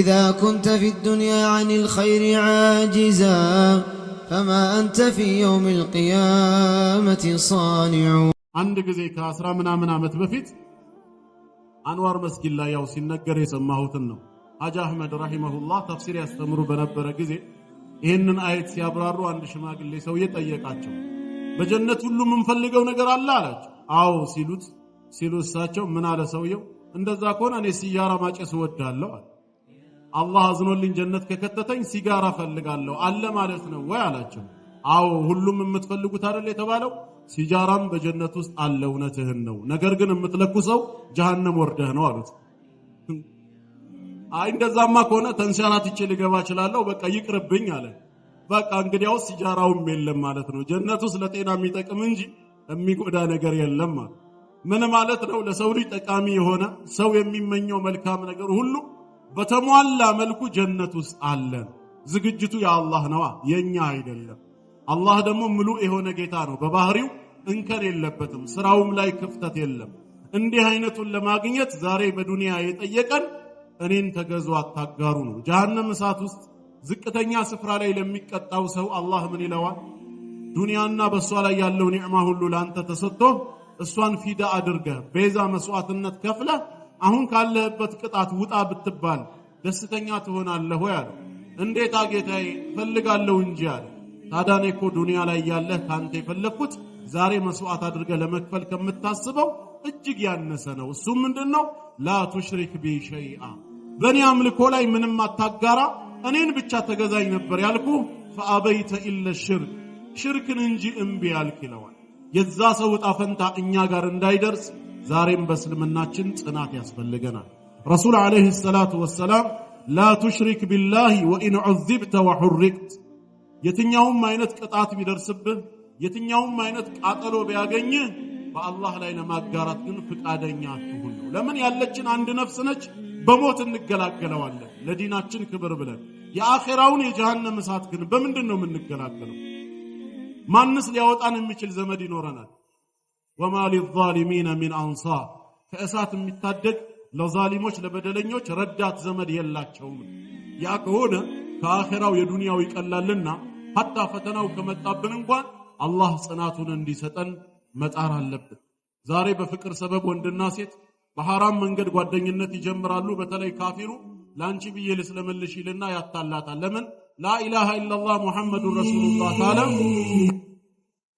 إذا كنت في الدنيا عن الخير عاجزا فما أنت في يوم القيامة صانع عند ጊዜ ከአስራ ምናምን ዓመት በፊት አንዋር መስጊድ ላይ ያው ሲነገር የሰማሁትን ነው። ሀጅ አህመድ ረሂመሁላህ ተፍሲር ያስተምሩ በነበረ ጊዜ ይህንን አየት ሲያብራሩ አንድ ሽማግሌ ሰውዬ ጠየቃቸው። በጀነት ሁሉ የምንፈልገው ነገር አለ አላቸው። አዎ ሲሉት ሲሉ እሳቸው ምን አለ ሰውየው፣ እንደዛ ከሆነ እኔ ሲያራ ማጨስ እወዳለሁ አለ። አላህ አዝኖልኝ ጀነት ከከተተኝ ሲጋራ ፈልጋለሁ አለ ማለት ነው ወይ አላቸው። አዎ ሁሉም የምትፈልጉት አይደል የተባለው ሲጃራም በጀነት ውስጥ አለ። እውነትህን ነው፣ ነገር ግን የምትለኩ ሰው ጀሃነም ወርደህ ነው አሉት። አይ እንደዛማ ከሆነ ተንሸራትቼ ልገባ እችላለሁ፣ በቃ ይቅርብኝ አለ። በቃ እንግዲያው ሲጃራውም የለም ማለት ነው። ጀነት ውስጥ ለጤና የሚጠቅም እንጂ የሚጎዳ ነገር የለም። ምን ማለት ነው? ለሰው ልጅ ጠቃሚ የሆነ ሰው የሚመኘው መልካም ነገር ሁሉ በተሟላ መልኩ ጀነት ውስጥ አለን። ዝግጅቱ የአላህ ነዋ፣ የእኛ አይደለም። አላህ ደግሞ ምሉእ የሆነ ጌታ ነው። በባህሪው እንከን የለበትም፣ ስራውም ላይ ክፍተት የለም። እንዲህ አይነቱን ለማግኘት ዛሬ በዱንያ የጠየቀን እኔን ተገዙ አታጋሩ ነው። ጀሃነም እሳት ውስጥ ዝቅተኛ ስፍራ ላይ ለሚቀጣው ሰው አላህ ምን ይለዋል? ዱንያና በእሷ ላይ ያለው ኒዕማ ሁሉ ለአንተ ተሰጥቶ እሷን ፊዳ አድርገህ ቤዛ መስዋዕትነት ከፍለህ አሁን ካለህበት ቅጣት ውጣ ብትባል ደስተኛ ትሆናለህ ወይ አለ። እንዴት ጌታዬ እፈልጋለሁ እንጂ አለ። ታዲያ እኔ እኮ ዱንያ ላይ ያለህ ካንተ የፈለግኩት ዛሬ መስዋዕት አድርገህ ለመክፈል ከምታስበው እጅግ ያነሰ ነው። እሱም ምንድነው? ላ ቱሽሪክ ቢ ሸይአ፣ በእኔ አምልኮ ላይ ምንም አታጋራ፣ እኔን ብቻ ተገዛኝ ነበር ያልኩ ፈአበይተ ኢለ ሽርክ፣ ሽርክን እንጂ እምቢ ያልክ ይለዋል። የዛ ሰው ዕጣ ፈንታ እኛ ጋር እንዳይደርስ ዛሬም በእስልምናችን ጽናት ያስፈልገናል። ረሱል ዓለይሂ ሰላቱ ወሰላም ላ ቱሽሪክ ቢላሂ ወኢን ዑዚብተ ወሑሪቅት፣ የትኛውም አይነት ቅጣት ቢደርስብህ፣ የትኛውም አይነት ቃጠሎ ቢያገኝህ በአላህ ላይ ለማጋራት ግን ፍቃደኛ አትሁን ለምን ያለችን አንድ ነፍስ ነች፣ በሞት እንገላገለዋለን ለዲናችን ክብር ብለን። የአኼራውን የጀሃነም እሳት ግን በምንድን ነው የምንገላገለው? ማንስ ሊያወጣን የሚችል ዘመድ ይኖረናል? ወማ ሊዛሊሚነ ሚን አንሳር ከእሳት የሚታደግ ለዛሊሞች ለበደለኞች ረዳት ዘመድ የላቸውም። ያ ከሆነ ከአኼራው የዱንያው ይቀላልና ሐታ ፈተናው ከመጣብን እንኳን አላህ ጽናቱን እንዲሰጠን መጣር አለብን። ዛሬ በፍቅር ሰበብ ወንድና ሴት በሐራም መንገድ ጓደኝነት ይጀምራሉ። በተለይ ካፊሩ ለአንቺ ብዬ ልስለምልሽ ይልና ያታላታል። ለምን ላኢላሃ ኢላላህ ሙሐመዱን ረሱሉላህ ታለም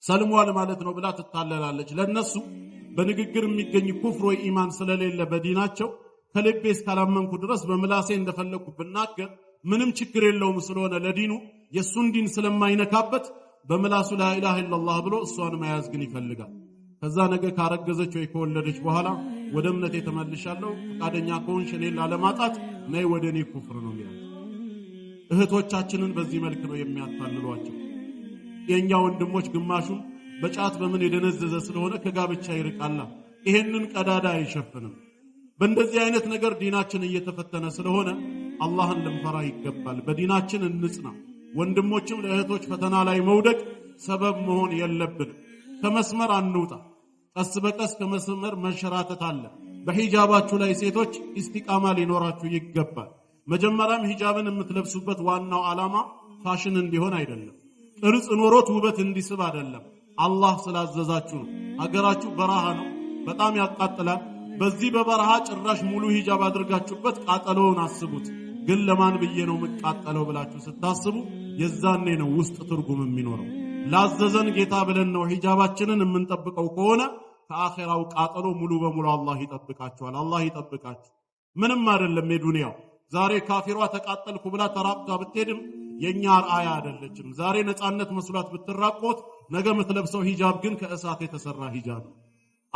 ሰልሟል ማለት ነው ብላ ትታለላለች። ለነሱ በንግግር የሚገኝ ኩፍር ወይ ኢማን ስለሌለ በዲናቸው ከልቤ እስካላመንኩ ድረስ በምላሴ እንደፈለኩ ብናገር ምንም ችግር የለውም ስለሆነ ለዲኑ የእሱን ዲን ስለማይነካበት በምላሱ ላኢላሃ ኢለላህ ብሎ እሷን መያዝ ግን ይፈልጋል። ከዛ ነገ ካረገዘች ወይ ከወለደች በኋላ ወደ እምነቴ ተመልሻለሁ ፈቃደኛ ከሆንሽ እኔን ላለማጣት ነይ ወደ እኔ ኩፍር ነው የሚለው። እህቶቻችንን በዚህ መልክ ነው የሚያታልሏቸው። የእኛ ወንድሞች ግማሹም በጫት በምን የደነዘዘ ስለሆነ ከጋብቻ ይርቃላ። ይሄንን ቀዳዳ አይሸፍንም። በእንደዚህ አይነት ነገር ዲናችን እየተፈተነ ስለሆነ አላህን ልንፈራ ይገባል። በዲናችን እንጽና። ወንድሞችም ለእህቶች ፈተና ላይ መውደቅ ሰበብ መሆን የለብንም። ከመስመር አንውጣ። ቀስ በቀስ ከመስመር መንሸራተት አለ። በሂጃባችሁ ላይ ሴቶች ኢስቲቃማ ሊኖራችሁ ይገባል። መጀመሪያም ሂጃብን የምትለብሱበት ዋናው ዓላማ ፋሽን እንዲሆን አይደለም። ቅርጽ ኖሮት ውበት እንዲስብ አይደለም። አላህ ስላዘዛችሁ ነው። ሀገራችሁ በረሃ ነው፣ በጣም ያቃጥላል። በዚህ በበረሃ ጭራሽ ሙሉ ሂጃብ አድርጋችሁበት ቃጠሎውን አስቡት። ግን ለማን ብዬ ነው የምቃጠለው ብላችሁ ስታስቡ የዛኔ ነው ውስጥ ትርጉም የሚኖረው። ላዘዘን ጌታ ብለን ነው ሂጃባችንን የምንጠብቀው ከሆነ ከአኼራው ቃጠሎ ሙሉ በሙሉ አላህ ይጠብቃችኋል። አላህ ይጠብቃችሁ። ምንም አይደለም የዱንያው። ዛሬ ካፊሯ ተቃጠልኩ ብላ ተራቅቷ ብትሄድም የእኛ አርአያ አይደለችም። ዛሬ ነፃነት መስሏት ብትራቆት ነገ ምትለብሰው ሂጃብ ግን ከእሳት የተሰራ ሂጃብ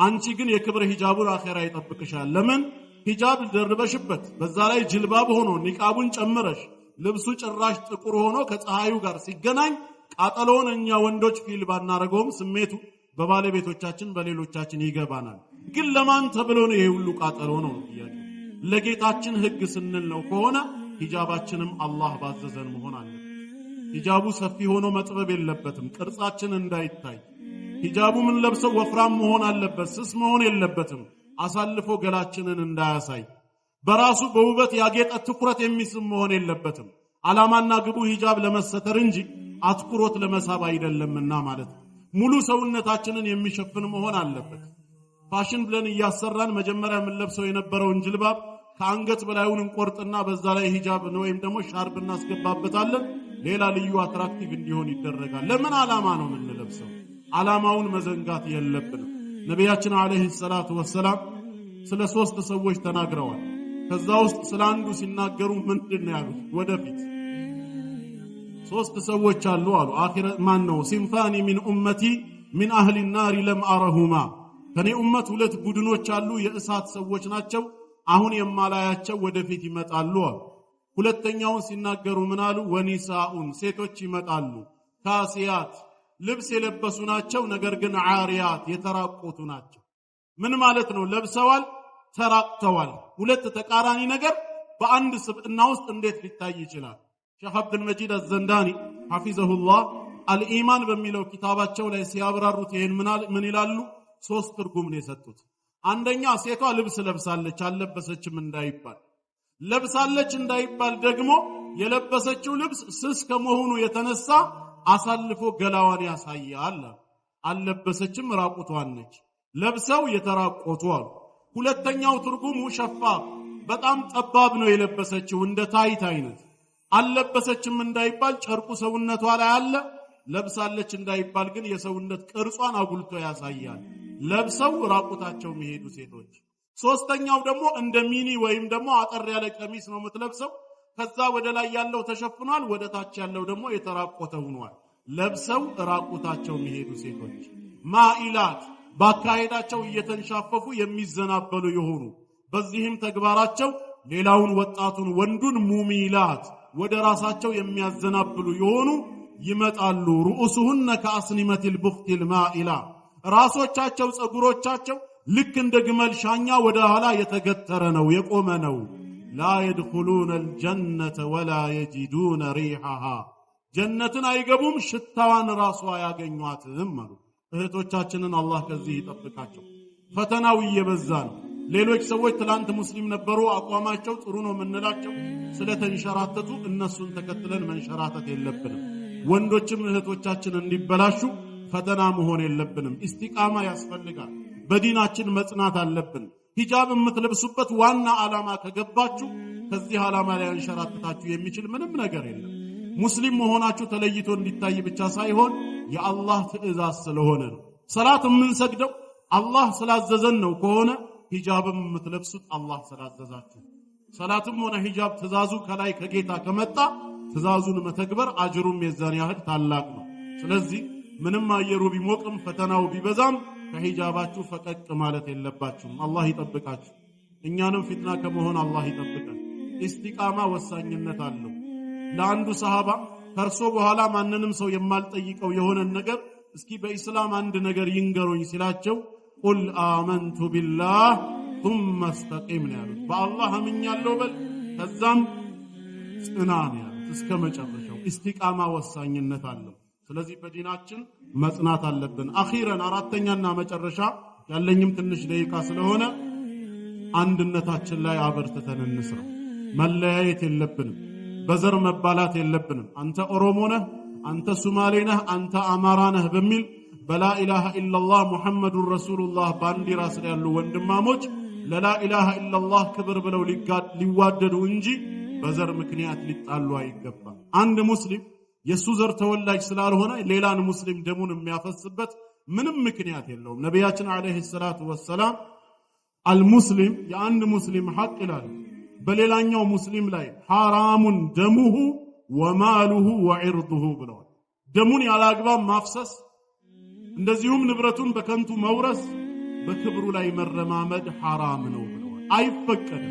አንቺ ግን የክብር ሂጃቡን አኼራ ይጠብቅሻል። ለምን ሂጃብ ደርበሽበት፣ በዛ ላይ ጅልባብ ሆኖ ኒቃቡን ጨምረሽ ልብሱ ጭራሽ ጥቁር ሆኖ ከፀሐዩ ጋር ሲገናኝ ቃጠሎውን እኛ ወንዶች ፊል ባናደርገውም ስሜቱ በባለቤቶቻችን በሌሎቻችን ይገባናል። ግን ለማን ተብሎ ነው ይሄ ሁሉ ቃጠሎ ነው? ለጌታችን ሕግ ስንል ነው ከሆነ ሂጃባችንም አላህ ባዘዘን መሆን አለ። ሂጃቡ ሰፊ ሆኖ መጥበብ የለበትም፣ ቅርጻችን እንዳይታይ። ሂጃቡ ምን ለብሰው ወፍራም መሆን አለበት፣ ስስ መሆን የለበትም፣ አሳልፎ ገላችንን እንዳያሳይ። በራሱ በውበት ያጌጠ ትኩረት የሚስብ መሆን የለበትም። ዓላማና ግቡ ሂጃብ ለመሰተር እንጂ አትኩሮት ለመሳብ አይደለምና ማለት ነው። ሙሉ ሰውነታችንን የሚሸፍን መሆን አለበት። ፋሽን ብለን እያሰራን መጀመሪያ የምንለብሰው የነበረውን ጅልባብ ከአንገት በላዩን እንቆርጥና በዛ ላይ ሂጃብ ወይም ደግሞ ሻርብ እናስገባበታለን። ሌላ ልዩ አትራክቲቭ እንዲሆን ይደረጋል። ለምን ዓላማ ነው የምንለብሰው? ዓላማውን መዘንጋት የለብንም። ነቢያችን አለይሂ ሰላቱ ወሰላም ስለ ሶስት ሰዎች ተናግረዋል። ከዛ ውስጥ ስለ አንዱ ሲናገሩ ምንድን ነው ያሉት? ወደፊት ሶስት ሰዎች አሉ አሉ አኺረ ማን ነው ሲንፋኒ ሚን ኡመቲ ሚን አህሊ ናሪ ለም አረሁማ ከኔ ኡመት ሁለት ቡድኖች አሉ፣ የእሳት ሰዎች ናቸው። አሁን የማላያቸው ወደፊት ይመጣሉ አሉ ሁለተኛውን ሲናገሩ ምን አሉ? ወኒሳኡን ሴቶች ይመጣሉ። ካሲያት ልብስ የለበሱ ናቸው፣ ነገር ግን ዓሪያት የተራቆቱ ናቸው። ምን ማለት ነው? ለብሰዋል፣ ተራቅተዋል። ሁለት ተቃራኒ ነገር በአንድ ስብዕና ውስጥ እንዴት ሊታይ ይችላል? ሼህ አብዱልመጂድ አዘንዳኒ ሐፊዘሁላህ አልኢማን በሚለው ኪታባቸው ላይ ሲያብራሩት ይህን ምን ይላሉ? ሶስት ትርጉም ነው የሰጡት። አንደኛ ሴቷ ልብስ ለብሳለች አልለበሰችም እንዳይባል ለብሳለች እንዳይባል ደግሞ የለበሰችው ልብስ ስስ ከመሆኑ የተነሳ አሳልፎ ገላዋን ያሳያል። አልለበሰችም፣ ራቁቷን ነች። ለብሰው የተራቆቱ አሉ። ሁለተኛው ትርጉሙ ሸፋ በጣም ጠባብ ነው የለበሰችው፣ እንደ ታይት አይነት። አለበሰችም እንዳይባል ጨርቁ ሰውነቷ ላይ አለ። ለብሳለች እንዳይባል ግን የሰውነት ቅርጿን አጉልቶ ያሳያል። ለብሰው ራቁታቸው የሚሄዱ ሴቶች ሶስተኛው ደግሞ እንደ ሚኒ ወይም ደግሞ አጠር ያለ ቀሚስ ነው የምትለብሰው። ከዛ ወደ ላይ ያለው ተሸፍኗል፣ ወደ ታች ያለው ደግሞ የተራቆተ ሆኗል። ለብሰው ራቁታቸው የሚሄዱ ሴቶች ማኢላት በአካሄዳቸው እየተንሻፈፉ የሚዘናበሉ የሆኑ በዚህም ተግባራቸው ሌላውን ወጣቱን ወንዱን ሙሚላት ወደ ራሳቸው የሚያዘናብሉ የሆኑ ይመጣሉ። ሩኡሱሁነ ከአስኒመቲል ቡክቲል ማኢላ ራሶቻቸው ጸጉሮቻቸው ልክ እንደ ግመል ሻኛ ወደ ኋላ የተገተረ ነው የቆመ ነው። ላ የድኹሉነ አልጀነተ ወላ የጂዱነ ሪሐሃ ጀነትን አይገቡም፣ ሽታዋን ራሷ አያገኟትም አሉ። እህቶቻችንን አላህ ከዚህ ይጠብቃቸው። ፈተናው እየበዛ ነው። ሌሎች ሰዎች ትላንት ሙስሊም ነበሩ፣ አቋማቸው ጥሩ ነው የምንላቸው ስለተንሸራተቱ እነሱን ተከትለን መንሸራተት የለብንም። ወንዶችም እህቶቻችን እንዲበላሹ ፈተና መሆን የለብንም። ኢስቲቃማ ያስፈልጋል። በዲናችን መጽናት አለብን። ሂጃብ የምትለብሱበት ዋና ዓላማ ከገባችሁ ከዚህ ዓላማ ላይ አንሸራትታችሁ የሚችል ምንም ነገር የለም። ሙስሊም መሆናችሁ ተለይቶ እንዲታይ ብቻ ሳይሆን የአላህ ትዕዛዝ ስለሆነ ነው። ሰላት የምንሰግደው አላህ ስላዘዘን ነው ከሆነ ሂጃብም የምትለብሱት አላህ ስላዘዛችሁ። ሰላትም ሆነ ሂጃብ ትዕዛዙ ከላይ ከጌታ ከመጣ ትዕዛዙን መተግበር አጅሩም የዛን ያህል ታላቅ ነው። ስለዚህ ምንም አየሩ ቢሞቅም ፈተናው ቢበዛም ከሂጃባችሁ ፈቀቅ ማለት የለባችሁም። አላህ ይጠብቃችሁ። እኛንም ፊትና ከመሆን አላህ ይጠብቃል። ኢስቲቃማ ወሳኝነት አለው። ለአንዱ ሰሃባ ከእርሶ በኋላ ማንንም ሰው የማልጠይቀው የሆነን ነገር እስኪ በኢስላም አንድ ነገር ይንገሩኝ ሲላቸው ቁል አመንቱ ቢላህ ቱመ እስተቂም ነው ያሉት። በአላህ አምኛለሁ በል ከዛም ጽና ነው ያሉት። እስከ መጨረሻው ኢስቲቃማ ወሳኝነት አለው። ስለዚህ በዲናችን መጽናት አለብን። አኺረን አራተኛና መጨረሻ ያለኝም ትንሽ ደቂቃ ስለሆነ አንድነታችን ላይ አበርትተን እንስራ። መለያየት የለብንም። በዘር መባላት የለብንም። አንተ ኦሮሞ ነህ፣ አንተ ሱማሌ ነህ፣ አንተ አማራ ነህ በሚል በላኢላሃ ኢላላህ ሙሐመዱን ረሱሉላህ ባንዲራ ስር ያሉ ወንድማሞች ለላኢላሃ ኢላላህ ክብር ብለው ሊዋደዱ እንጂ በዘር ምክንያት ሊጣሉ አይገባም። አንድ ሙስሊም የእሱ ዘር ተወላጅ ስላልሆነ ሌላን ሙስሊም ደሙን የሚያፈስበት ምንም ምክንያት የለውም። ነቢያችን ዓለይሂ ሰላቱ ወሰላም አልሙስሊም የአንድ ሙስሊም ሐቅ ይላል በሌላኛው ሙስሊም ላይ ሐራሙን ደሙሁ ወማሉሁ ወዕርዱሁ ብለዋል። ደሙን ያለአግባብ ማፍሰስ እንደዚሁም ንብረቱን በከንቱ መውረስ በክብሩ ላይ መረማመድ ሐራም ነው ብለዋል። አይፈቀድም።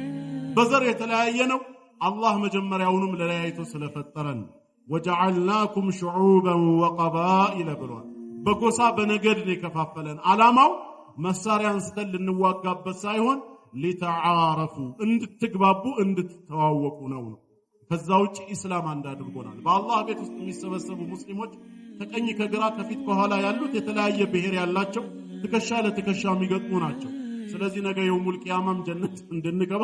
በዘር የተለያየ ነው። አላህ መጀመሪያውንም ለለያይቶ ስለፈጠረን ነው። ወጀዓልናኩም ሽዑበን ወቀባኢለ ብሏል። በጎሳ በነገድ ነው የከፋፈለን። ዓላማው መሳሪያ አንስተን ልንዋጋበት ሳይሆን ሊተዓረፉ እንድትግባቡ እንድትተዋወቁ ነው ነው። ከዛ ውጭ ኢስላም አንድ አድርጎናል። በአላህ ቤት ውስጥ የሚሰበሰቡ ሙስሊሞች ከቀኝ ከግራ ከፊት ከኋላ ያሉት የተለያየ ብሔር ያላቸው ትከሻ ለትከሻ የሚገጥሙ ናቸው። ስለዚህ ነገ የውሙል ቂያማም ጀነት እንድንገባ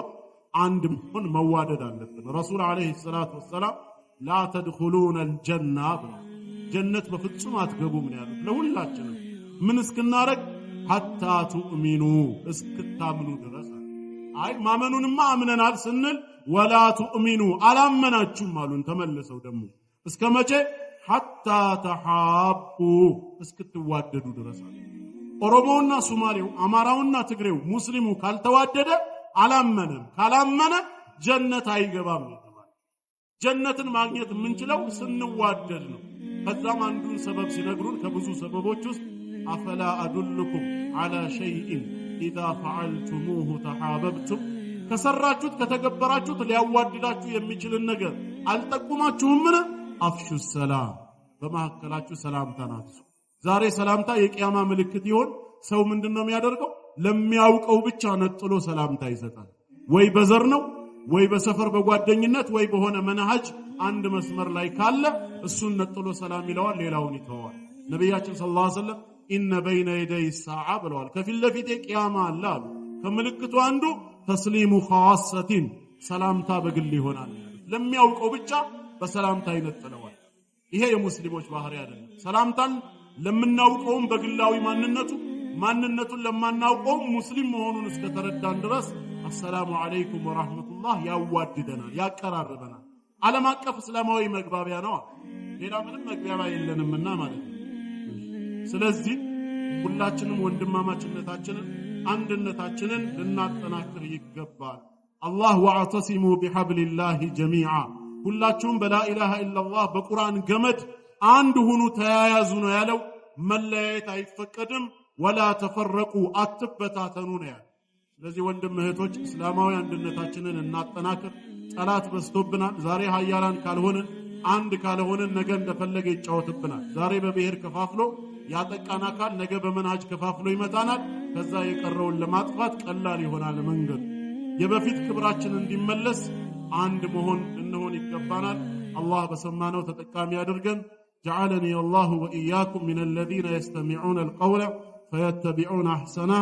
አንድ መሆን መዋደድ አለብን። ረሱል ዓለይሂ ሰላቱ ወሰላም ላተድኹሉነ ልጀና ብሏል። ጀነት በፍጹም አትገቡም ነው ያሉት። ለሁላችንም ምን እስክናረግ ሐታ ቱእሚኑ እስክታምኑ ድረስ። አይ ማመኑንማ አምነናል ስንል ወላ ቱእሚኑ አላመናችሁም አሉን። ተመለሰው ደግሞ እስከ መቼ ሐታ ተሓቡ እስክትዋደዱ ድረስ። ኦሮሞውና ሱማሌው፣ አማራውና ትግሬው፣ ሙስሊሙ ካልተዋደደ አላመነም። ካላመነ ጀነት አይገባም። ጀነትን ማግኘት የምንችለው ስንዋደድ ነው። ከዛም አንዱን ሰበብ ሲነግሩን ከብዙ ሰበቦች ውስጥ አፈላ አዱልኩም አላ ሸይኢን ኢዛ ፈዓልቱሙሁ ተሓበብቱም ከሰራችሁት ከተገበራችሁት ሊያዋድዳችሁ የሚችልን ነገር አልጠቁማችሁምን? አፍሹ ሰላም፣ በመካከላችሁ ሰላምታ ናትሱ። ዛሬ ሰላምታ የቅያማ ምልክት ይሆን? ሰው ምንድን ነው የሚያደርገው? ለሚያውቀው ብቻ ነጥሎ ሰላምታ ይሰጣል። ወይ በዘር ነው ወይ በሰፈር በጓደኝነት ወይ በሆነ መናሃጅ አንድ መስመር ላይ ካለ እሱን ነጥሎ ሰላም ይለዋል፣ ሌላውን ይተዋል። ነቢያችን ሰለላሁ ዐለይሂ ወሰለም ኢነ በይነ የደይ ሰዓ ብለዋል። ከፊት ለፊቴ ቅያማ አለ አሉ። ከምልክቱ አንዱ ተስሊሙ ኸዋሰቲን ሰላምታ በግል ይሆናል። ለሚያውቀው ብቻ በሰላምታ ይነጥለዋል። ይሄ የሙስሊሞች ባህሪ አይደለም። ሰላምታን ለምናውቀውም በግላዊ ማንነቱ ማንነቱን ለማናውቀውም ሙስሊም መሆኑን እስከተረዳን ድረስ አሰላሙ ዓለይኩም ወራህመቱላህ ያዋድደናል፣ ያቀራርበናል። ዓለም አቀፍ እስላማዊ መግባቢያ ነው። ሌላ ምንም መግባቢያ የለንምና ማለት ነው። ስለዚህ ሁላችንም ወንድማማችነታችንን፣ አንድነታችንን ልናጠናክር ይገባል። አላህ ወአዕተሲሙ ቢሐብሊላሂ ጀሚዓ ሁላችሁም በላኢላሃ ኢላላህ በቁርአን ገመድ አንድ ሁኑ ተያያዙ ነው ያለው። መለያየት አይፈቀድም። ወላ ተፈረቁ አትበታተኑ ነው ያለው። ስለዚህ ወንድም እህቶች እስላማዊ አንድነታችንን እናጠናክር። ጠላት በዝቶብናል። ዛሬ ሀያላን ካልሆንን አንድ ካልሆንን ነገ እንደፈለገ ይጫወትብናል። ዛሬ በብሔር ከፋፍሎ ያጠቃን አካል ነገ በመናጅ ከፋፍሎ ይመታናል። ከዛ የቀረውን ለማጥፋት ቀላል ይሆናል መንገድ። የበፊት ክብራችን እንዲመለስ አንድ መሆን እንሆን ይገባናል። አላህ በሰማነው ተጠቃሚ አድርገን። ጀዓለኒ አላሁ ወኢያኩም ሚን አለዚነ የስተሚዑነ አልቀውለ ፈየተቢዑነ አሕሰናህ